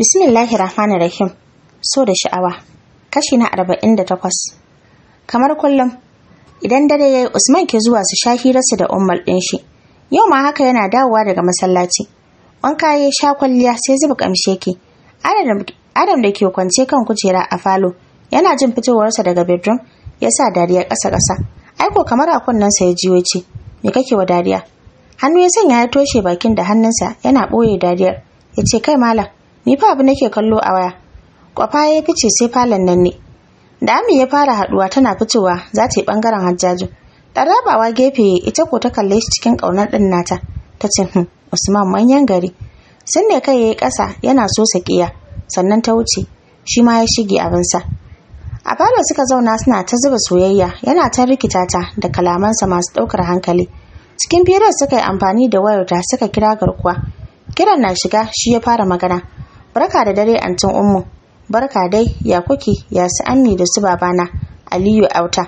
Bismillahir Rahmanir Rahim. So da sha'awa. Kashi na arba'in da takwas. Kamar kullum, idan dare yayi Usman ke zuwa su sha su da ummal ɗin shi. Yau ma haka yana dawowa daga masallaci. Wanka ya sha kwalliya sai zuba kamshe ke. Adam da ke kwance kan kujera a falo, yana jin fitowarsa daga bedroom, ya sa dariya ƙasa-ƙasa. Aiko kamar a kunnen sa ya jiwo ce, me kake wa dariya? Hannu ya sanya ya toshe bakin da hannunsa yana ɓoye dariyar. Ya ce kai malam, ni fa abu nake kallo a waya kwafa ya fice sai falon nan ne da ami ya fara haduwa tana fitowa za ta yi bangaren hajjaju rabawa gefe ita ko ta kalle shi cikin kaunar din nata ta ce hm usman manyan gari sun ne kai yayi ƙasa yana so sakiya sannan ta wuce shi ma ya shige abinsa a falo suka zauna suna ta zuba soyayya yana ta rikita ta da kalamansa masu daukar hankali cikin firar suka yi amfani da wayarta suka kira garkuwa kiran na shiga shi ya fara magana barka da dare antin ummu barka dai ya kuke ya su ammi da su babana aliyu auta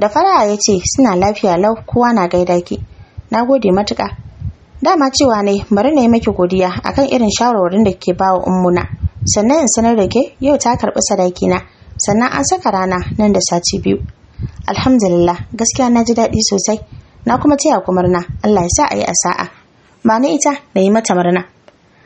da fara ya ce suna lafiya lau kowa na gaida ki na gode matuƙa dama cewa ne bari na yi maki godiya akan irin shawarwarin da ke bawa ummuna sannan in sanar da ke yau ta karɓi sadaki na sannan an saka rana nan da sati biyu alhamdulillah gaskiya na ji daɗi sosai na kuma taya ku murna allah ya sa a yi a sa'a ba ita na yi mata murna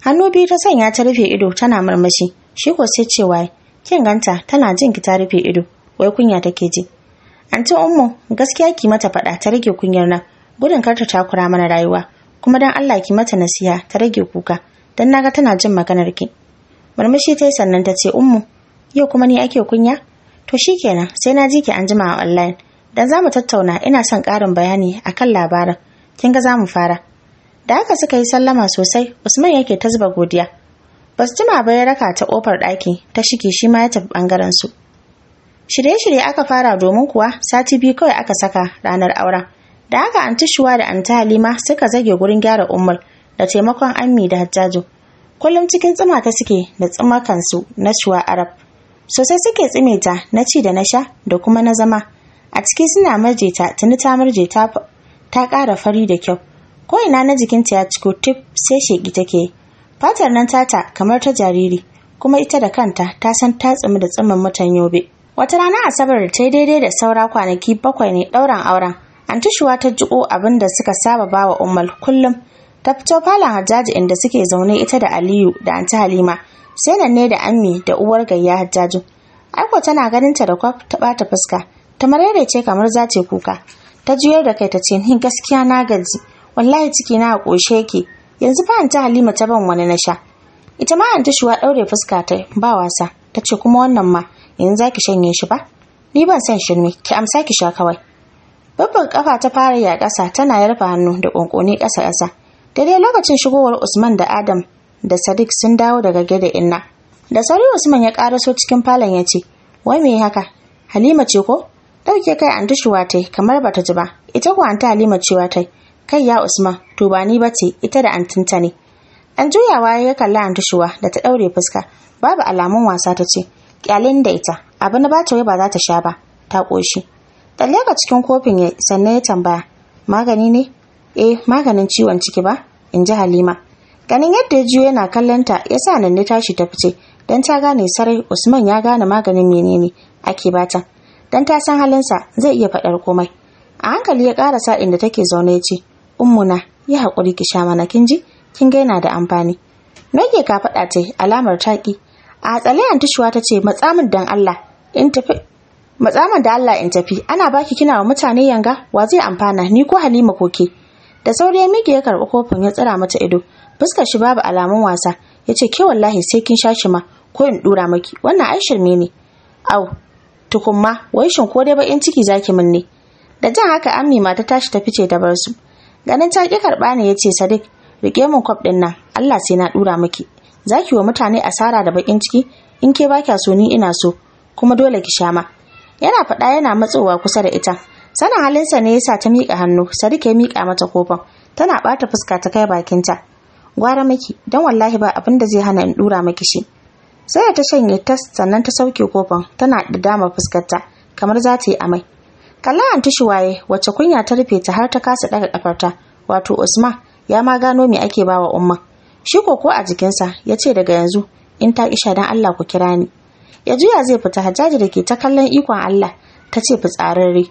hannu biyu ta sanya ta rufe ido tana marmashi shi ko sai cewa kin ganta tana jin ki ta rufe ido wai kunya take ji anti ummu gaskiya ki mata faɗa ta rage kunyar nan gudun kar ta takura mana rayuwa kuma dan Allah ki mata nasiha ta rage kuka dan naga tana jin maganar ki murmushi ta sannan ta ce ummu yau kuma ni ake kunya to shikenan sai na ji ki an jima online dan zamu tattauna ina son ƙarin bayani akan labarin kin ga zamu fara da haka suka yi sallama sosai usman yake ta zuba godiya ba su jima ba ya raka ta kofar ɗaki ta shige shi ma ya tafi ɓangaren su shirye-shirye aka fara domin kuwa sati biyu kawai aka saka ranar auren da haka anti shuwa da anti halima suka zage gurin gyara umar da taimakon ammi da hajjaju kullum cikin tsima ta suke da tsimakansu na shuwa arab sosai suke tsime ta na ci da na sha da kuma na zama a ciki suna marje ta tuni ta marje ta ta ƙara fari da kyau ko ina na jikinta ya ciko tip sai sheki take fatar nan tata kamar ta jariri kuma ita da kanta ta san ta tsimi da tsumin mutan yobe wata rana asabar ta yi daidai da saura kwanaki bakwai ne ɗauran auren antishuwa ta jiko abin da suka saba bawa ummal kullum ta fito falon hajjaji inda suke zaune ita da aliyu da anti halima sai nan ne da ammi da uwar gayya hajjaju aiko tana ganin ta da kwaf ta bata fuska ta marere ce kamar za ta kuka ta juyar da kai ta ce ni gaskiya na gaji wallahi ciki na a ƙoshe yake yanzu fa anta halima ta ban wani na sha ita ma anta shuwa ɗaure fuska ta ba wasa ta ce kuma wannan ma yanzu zaki shanye shi ba ni ban san shirme ki amsa ki sha kawai babban kafa ta fara ya ƙasa tana yarfa hannu da ƙunƙuni ƙasa ƙasa daidai lokacin shigowar usman da adam da sadiq sun dawo daga gida inna da sauri usman ya ƙaraso cikin falon ya ce wai me haka halima ce ko ɗauke kai an tushuwa tai kamar bata ji ba ita ko an ta halima cewa tai kai ya usman to ba ni bace ita da antinta ne an juyawa ya kalli antushuwa da ta daure fuska babu alamun wasa ta ce kyalin da ita abu na bata wai ba za ta sha ba ta koshi Talle ga cikin kofin ya sannan ya tambaya magani ne eh maganin ciwon ciki ba in ji halima ganin yadda ya juyo yana kallon ta ya sa nan tashi ta fice dan ta gane sarai usman ya gane maganin menene ake bata dan ta san halinsa zai iya faɗar komai a hankali ya ƙarasa inda take zaune ya ce ummuna yi haƙuri ki sha mana kin ji kin ga yana da amfani ke ka faɗa ta alamar taƙi a an tushuwa ta ce matsamin dan Allah in tafi matsamin da Allah in tafi ana baki kina wa mutane yanga wa zai amfana ni ko Halima koke? da sauri ya mike ya karɓi kofin ya tsira mata ido fuskar shi babu alamun wasa yace ce ke wallahi sai kin sha shi ma ko in dura maki wannan ai shirme ne au tukumma wai shin ko dai ba in ciki zaki min ne da jan haka ammi mata tashi ta fice da barsu. ganin ta ki karɓa ne ya ce sadiq rike min kwaf ɗin nan allah sai na ɗura miki zaki wa mutane asara da bakin ciki in ke baki so ni ina so kuma dole ki sha ma yana faɗa yana matsowa kusa da ita sanin halinsa ne yasa ta mika hannu sadiq ya mika mata kofan tana bata fuska ta kai bakin ta gwara miki dan wallahi ba abin da zai hana in dura maki shi sai ta shanye tas sannan ta sauke kofan tana da dama fuskarta kamar za ta yi amai kalla anti waye wacce kunya ta rufe ta har ta kasa daga kafarta wato usman ya ma gano me ake bawa umma shi ko a jikinsa ya ce daga yanzu in ta isha dan allah ku kira ni ya juya zai fita hajjaji dake ta kallon ikon allah ta ce fitsararre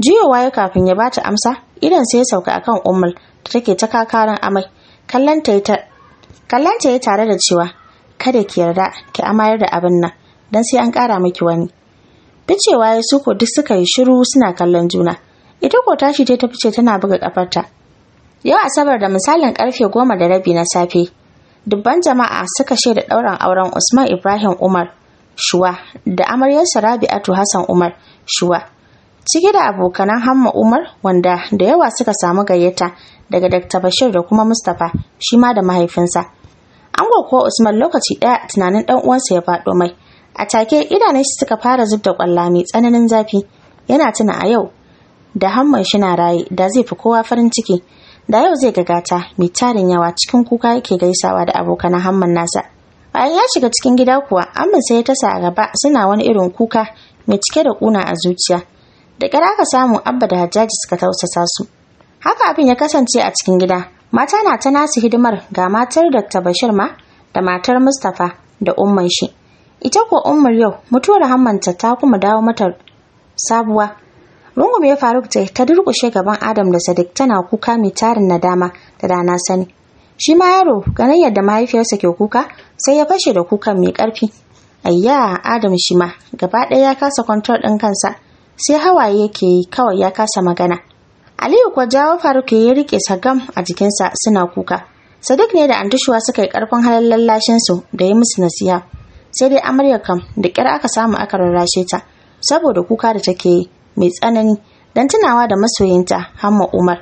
juyowa waye kafin ya bata amsa idan sai ya sauka akan ummul da take ta kakarin amai kallon ta ya tare da cewa kada ki yarda ki amayar da abin nan dan sai an ƙara miki wani ta ce waye su ko duk suka yi shiru suna kallon juna ita ko tashi ta tafi ce tana buga kafarta yau asabar da misalin karfe goma da rabi na safe dubban jama'a suka shaida ɗaurin auren usman ibrahim umar shuwa da amaryarsa rabi'atu hassan umar shuwa cike da abokanan hamma umar wanda da yawa suka samu gayyata daga dr bashir da kuma mustapha shi ma da mahaifinsa an ko usman lokaci ɗaya tunanin ɗan uwansa ya faɗo mai a take idanun shi suka fara zub da kwalla mai tsananin zafi yana tuna a yau da hamman shi na raye da zai fi kowa farin ciki da yau zai gagata mai tarin yawa cikin kuka yake gaisawa da abokan hamman nasa bayan ya shiga cikin gida kuwa amma sai ya tasa a gaba suna wani irin kuka mai cike da kuna a zuciya da kira aka samu abba da hajjaji suka tausasa su haka abin ya kasance a cikin gida mata na ta nasu hidimar ga matar dr bashir ma da matar mustapha da umman shi ita ko ummar yau mutuwar hammanta ta kuma dawo mata sabuwa rungume ya faruk ta ta durkushe gaban adam da sadiq tana kuka mai tarin nadama da dana sani shi ma yaro ganin yadda mahaifiyarsa ke kuka sai ya fashe da kukan mai ƙarfi ayya adam shi ma gaba ɗaya ya kasa kwantar ɗin kansa sai hawaye yake yi kawai ya kasa magana aliyu kuwa jawo faruk ya riƙe sagam a jikinsa suna kuka sadiq ne da antushuwa suka yi ƙarfin halar lallashinsu da ya musu nasiha sai dai amaryar kam da kyar aka samu aka rarrashe ta saboda kuka da take yi mai tsanani don tunawa da masoyinta hamma umar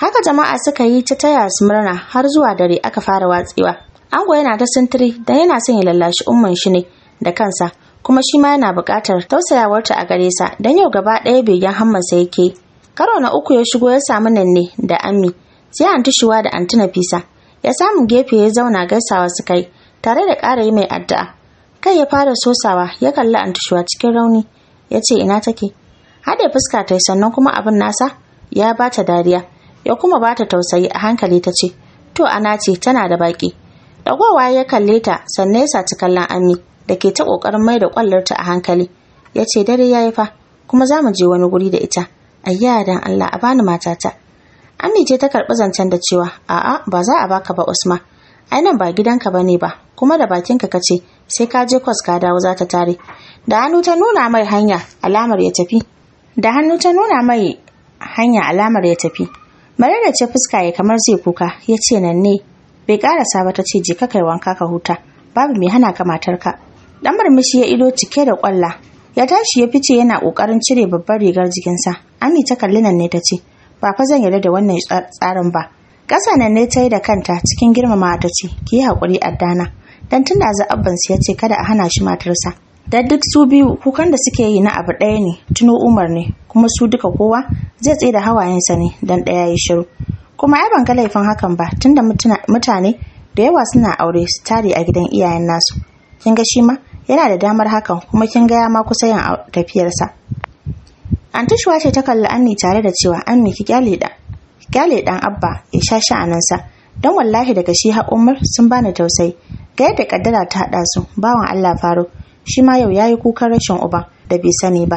haka jama'a suka yi ta taya su murna har zuwa dare aka fara watsewa ango yana ta sintiri don yana son ya lallashi umman shi ne da kansa kuma shi ma yana buƙatar tausayawarta a gare sa don yau gaba ɗaya begen hammansa yake karo na uku ya shigo ya samu nan ne da ami sai anti shuwa da anti nafisa ya samu gefe ya zauna gaisawa suka yi tare da ƙara yi mai addu'a kai ya fara sosawa ya kalli antushuwa cikin rauni ya ce ina take haɗe fuska ta sannan kuma abin nasa ya ba ta dariya ya kuma ba ta tausayi a hankali ta ce to ana ce tana da baƙi dagowa ya kalle ta sannan ya saci kallon ami da ke ta ƙoƙarin mai da ta a hankali ya ce dare ya yi fa kuma za mu je wani guri da ita ayya dan Allah a bani matata ami ce ta karɓi zancen da cewa a'a ba za a baka ba Usma ai ba gidanka bane ba kuma da bakinka ka ce. sai ka je kwas ka dawo za ta tare da hannu ta nuna mai hanya alamar ya tafi da hannu ta nuna mai hanya alamar ya tafi Mare da ce fuska ya kamar zai kuka ya ce nan ne bai karasa ba ta ce je ka kai wanka ka huta babu mai hana ka matarka dan murmushi ya ido cike da kwalla ya tashi ya fice yana kokarin cire babbar rigar jikinsa ami ta kalli nan ne ta ce ba fa zan yarda da wannan tsarin ba ƙasa nan ne ta yi da kanta cikin girmama ta ce ki yi haƙuri addana dan tun da abbansu ya ce kada a hana shi matarsa da duk su biyu kukan da suke yi na abu ɗaya ne tuno umar ne kuma su duka kowa zai tsaye da hawayensa ne dan ɗaya ya shiru kuma ya ban laifin hakan ba tunda mutane da yawa suna aure su tare a gidan iyayen nasu kin ga shi ma yana da damar hakan kuma kin ga ya ma kusa yin tafiyarsa antishuwa ce ta kalli anni tare da cewa anni ki kyale da kyale dan abba ya sha anansa don wallahi daga shi har sun bani tausayi ga yadda kaddara ta haɗa su bawan allah faru, shi ma yau yayi kukan rashin uba da bai sani ba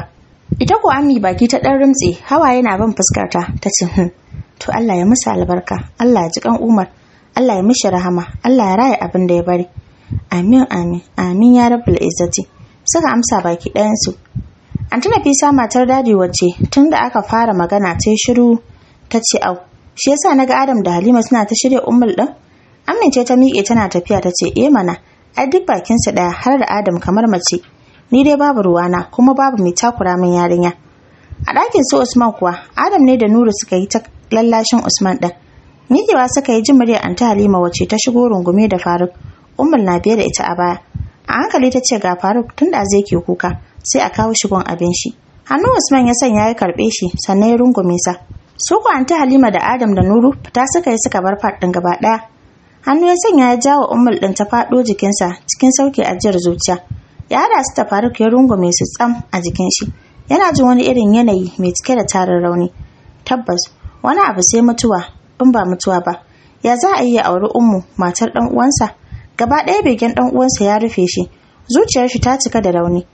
ita ko ami baki ta ɗan rimtse hawaye na ban fuskar ta ce hin hmm, to allah ya masa albarka allah ya ji kan umar allah ya mishi rahama allah ya raya abin da ya bari amin amin amin ya rabbul izzati suka amsa baki ɗayansu an tuna fisa matar dadi wacce tun da aka fara magana ta shiru ta ce au shi yasa naga Adam da Halima suna ta shirya ummul din amince ta miƙe tana tafiya ta ce eh mana ai duk bakin su daya har da Adam kamar mace ni dai babu ruwa na, kuma babu mai takura min yarinya a ɗakin su Usman kuwa Adam ne da Nuru suka yi ta lallashin Usman din miƙewa suka yi jin an ta Halima wace ta shigo rungume da Faruk ummul na biye da ita a baya a hankali ta ce ga Faruk tun da zai ke kuka sai a kawo shigon abin shi hannun Usman ya sanya ya karɓe shi sannan ya rungume sa su anta halima da adam da nuru fita suka yi suka bar faɗin gaba ɗaya hannu ya sanya ya jawo ummul ɗin ta faɗo jikinsa cikin sauki ajiyar zuciya ya haɗa su ta faruk ya mai su tsam a jikin shi yana jin wani irin yanayi mai cike da tarin rauni tabbas wani abu sai mutuwa in ba mutuwa ba ya za a yi ya auri ummu matar ɗan uwansa gaba ɗaya begen ɗan uwansa ya rufe shi zuciyar shi ta cika da rauni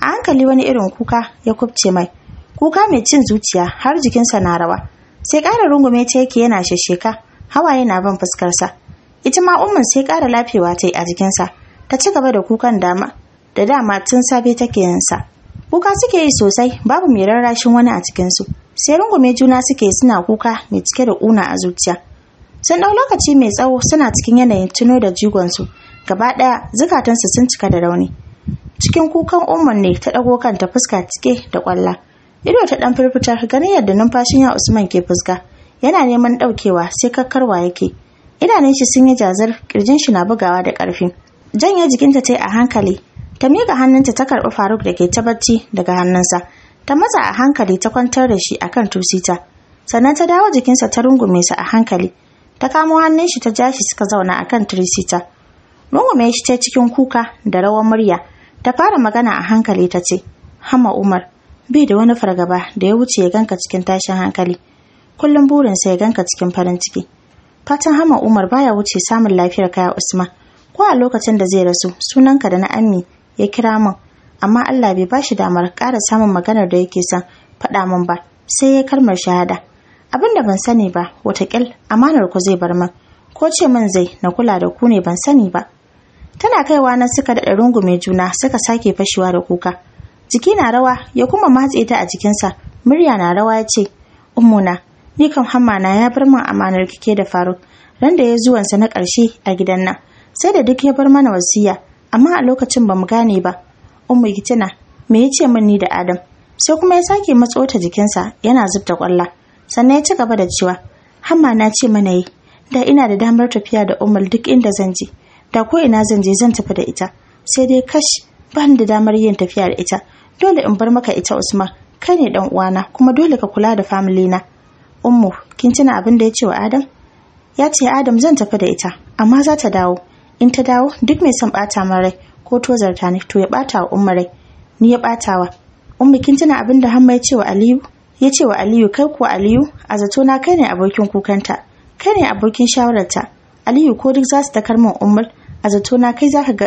a hankali wani irin kuka ya kubce mai kuka mai cin zuciya har jikinsa na rawa sai ƙara rungume ta yake yana shesheka hawaye na ban fuskarsa ita ma umman sai ƙara lafewa ta yi a jikinsa ta ci gaba da kukan dama da dama tun safe take yinsa kuka suke yi sosai babu mai rarrashin wani a cikinsu sai rungume juna suke suna kuka mai cike da ƙuna a zuciya sun ɗau lokaci mai tsawo suna cikin yanayin tuno da jigonsu gaba ɗaya zukatansu sun cika da rauni cikin kukan umman ne ta ɗago kanta fuska cike da kwalla ido ta dan firfitar ganin yadda numfashin ya usman ke fuska yana neman daukewa sai kakkarwa yake idanun shi sun yi jazar kirjin shi na bugawa da karfi janye jikinta ta yi a hankali ta miƙa hannunta ta karɓi faruk da ke ta bacci daga hannunsa ta matsa a hankali ta kwantar da shi akan tusita sannan ta dawo jikinsa ta rungume sa a hankali ta kamo hannun shi ta ja shi suka zauna akan tirisita rungume shi ta cikin kuka da rawar murya ta fara magana a hankali ta ce hama umar Bi da wani fargaba da ya wuce ya ganka cikin tashin hankali kullum burinsa ya ganka cikin farin ciki fatan hama umar baya wuce samun lafiyar kaya usman ko a lokacin da zai rasu sunanka da na ammi ya kira min amma allah bai ba shi damar ƙara samun maganar da yake son faɗa min ba sai ya kalmar shahada abin da ban sani ba wataƙil amanar ku zai bar min ko ce min zai na kula da ku ne ban sani ba tana kaiwa na suka daɗa rungume juna suka sake fashewa da kuka jiki na rawa ya kuma matse ta a jikinsa murya na rawa ya ce ummuna ni kan hamma na ya bar min amanar kike da faruk ran da ya zuwansa na ƙarshe a gidan nan sai da duk ya bar mana wasiya amma a lokacin bamu gane ba ummu gitina me ya ce min ni da adam sai kuma ya sake matso ta jikinsa yana zub da kwalla sannan ya ci gaba da cewa hamma na ce mana yi da ina da damar tafiya da umar duk inda zan je da ko ina zan je zan tafi da ita sai dai kash ban da damar yin tafiya da ita dole in bar maka ita Usman kai ne dan uwana kuma dole ka kula da family na ummu kin tuna abin da ya ce wa Adam ya ce Adam zan tafi da ita amma za ta dawo in ta dawo duk mai son bata min rai ko tozarta ni to ya bata wa ummu rai ni ya wa. ummu kin tuna abin da Hamma ya ce wa Aliyu ya ce wa Aliyu kai ko Aliyu a zato na kai ne abokin kukanta kai ne abokin shawararta Aliyu ko duk za su takar min ummu a zato na kai zaka ga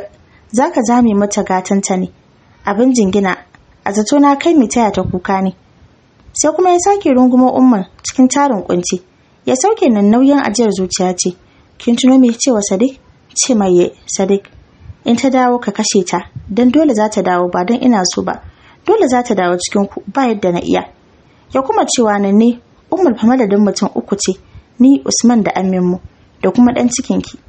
zaka zame mata gatanta ne abin jingina a zato na kai mai taya ta kuka ne sai kuma ya sake rungumar umar cikin tarin kunci ya sauke nan nauyin ajiyar zuciya ce kin tuno me cewa sadiq ce mai ye sadiq in ta dawo ka kashe ta dan dole za ta dawo ba dan ina so ba dole za ta dawo cikin ku ba yadda na iya ya kuma cewa nan ne umar fa madadin mutum uku ce ni usman da amin mu da kuma dan ki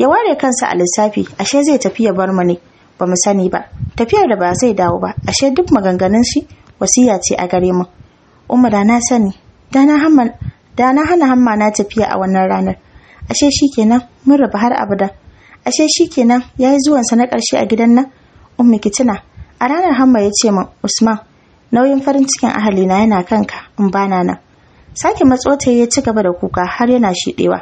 ya ware kansa a lissafi ashe zai tafi ya bar mu ne ba mu sani ba tafiyar da ba zai dawo ba ashe duk maganganun shi wasiya ce a gare mu umma da na sani da na hana hamma na tafiya a wannan ranar ashe shikenan mun raba har abada ashe shikenan yayi zuwan sa na karshe a gidan nan ummi kitina a ranar hamma ya ce min usman nauyin farin cikin ahali na yana kanka in bana nan sake matsota ya ci gaba da kuka har yana shiɗewa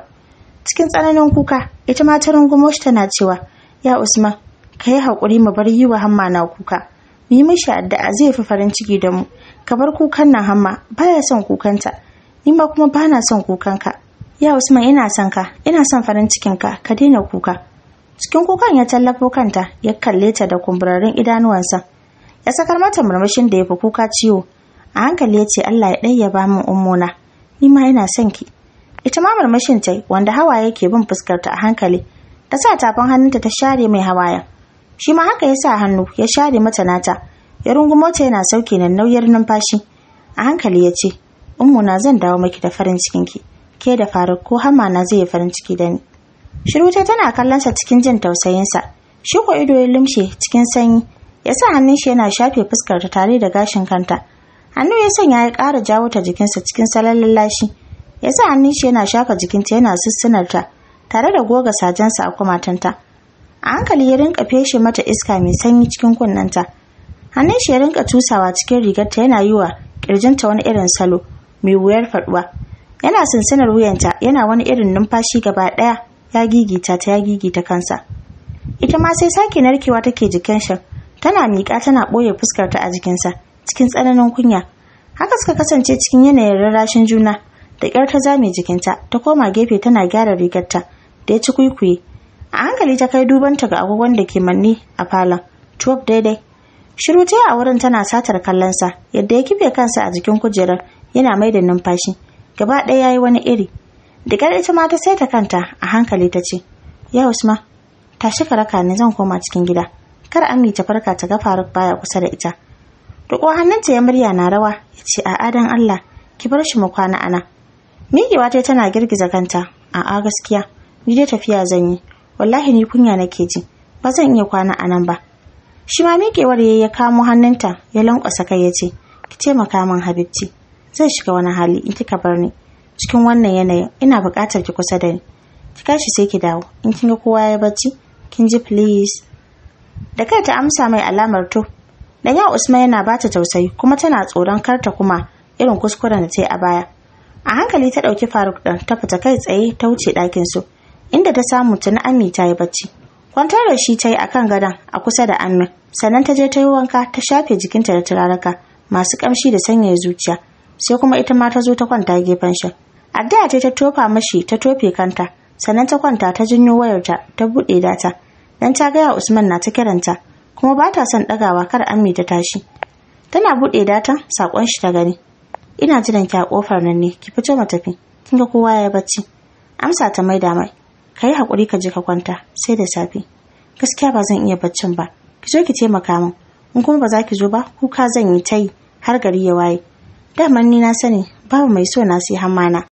cikin tsananin kuka ita ma ta rungumo tana cewa ya usman ka yi haƙuri mu bar yi wa hamma na kuka mu yi mishi addu'a zai fi farin ciki da mu ka bar kukan nan hamma baya son kukanta ni ma kuma ba na son kukanka ya usman ina son ka ina son farin cikin ka ka daina kuka cikin kukan ya tallafo kanta ya kalle ta da kumburarin idanuwansa ya sakar mata murmushin da ya fi kuka ciwo a hankali ya ce allah ya ɗaya ba min ummona ni ma ina son ki ita ma murmushin ta wanda hawaye ke bin fuskarta a hankali ta sa tafin hannunta ta share mai hawayen shi ma haka ya sa hannu ya share mata nata ya rungu mota yana sauke nan nauyar numfashi a hankali ya ce ummu na zan dawo maki da farin cikin ki ke da faruk ko hama na zai yi farin ciki da ni shiru ta tana kallon sa cikin jin tausayinsa shi ko ido ya lumshe cikin sanyi ya sa hannun shi yana shafe fuskar ta tare da gashin kanta hannu ya sanya ya kara jawo ta jikin sa cikin salon lallashi ya sa hannun shi yana shafa jikinta yana ta. tare da goga sajensa a kumatanta a hankali ya rinka feshe mata iska mai sanyi cikin kunnanta hannun shi ya rinka tusawa cikin rigarta yana yi wa kirjinta wani irin salo mai wuyar faɗuwa. yana sansanar wuyanta yana wani irin numfashi gaba daya ya gigita ta ya gigita kansa ita ma sai sake narkewa take jikin shi tana miƙa tana ɓoye fuskarta a jikinsa cikin tsananin kunya haka suka kasance cikin yanayin rarrashin juna da ƙyar ta zame jikinta ta koma gefe tana gyara rigarta da ya ci kuikuyi a hankali ta kai dubanta ga agogon da ke manne a falon Tuwaf daidai shiru ta a wurin tana satar kallonsa yadda ya kife kansa a jikin kujerar yana mai da numfashi gaba ɗaya ya yi wani iri da ƙyar ita ma ta saita kanta a hankali ta ce ya usma tashi ka raka ni zan koma cikin gida kar ami ta farka ta ga faruk baya kusa da ita roƙo hannunta ya murya na rawa ya ce a'a dan allah ki bar shi mu kwana ana miƙewa ta tana girgiza kanta a'a gaskiya ni dai tafiya zan yi wallahi ni kunya nake ji ba zan iya kwana a nan ba shi ma miƙewar ya ya kamo hannunta ya lankwasa kai ya ce ki taimaka min habibci Zai shiga wani hali in kika bar ni cikin wannan yanayin ina buƙatar ki kusa da ni ki kashi sai ki dawo in kin ga kowa ya bacci kin ji please da kai ta amsa mai alamar to da ya usman yana ba ta tausayi kuma tana tsoron kar ta kuma irin kuskuren da ta yi a baya a hankali ta ɗauki faruk ɗin ta fita kai tsaye ta wuce ɗakin su inda ta samu tuni Ami ta yi bacci. Kwantar da shi ta yi a kan gadon a kusa da Amin, sannan ta je ta yi wanka ta shafe jikinta da turaraka masu kamshi da sanyaya zuciya, sai kuma ita ma ta zo ta kwanta gefen shi. Addu'a ta ta tofa mashi ta tofe kanta, sannan ta kwanta ta janyo wayarta ta buɗe data, dan ta gaya Usman na ta kiranta, kuma ba ta son ɗagawa kar Ami ta tashi. Tana buɗe data saƙon shi ta gani. Ina jiran ki a ƙofar nan ne, ki fito mu tafi. Kin ga kowa ya yi bacci. Amsa ta maida mai. ka yi haƙuri ka je ka kwanta sai da safe gaskiya ba zan iya baccin ba ki zo ki taimaka min in kuma ba za ki zo ba kuka zan yi ta yi har gari ya waye daman ni na sani babu mai so na sai hammana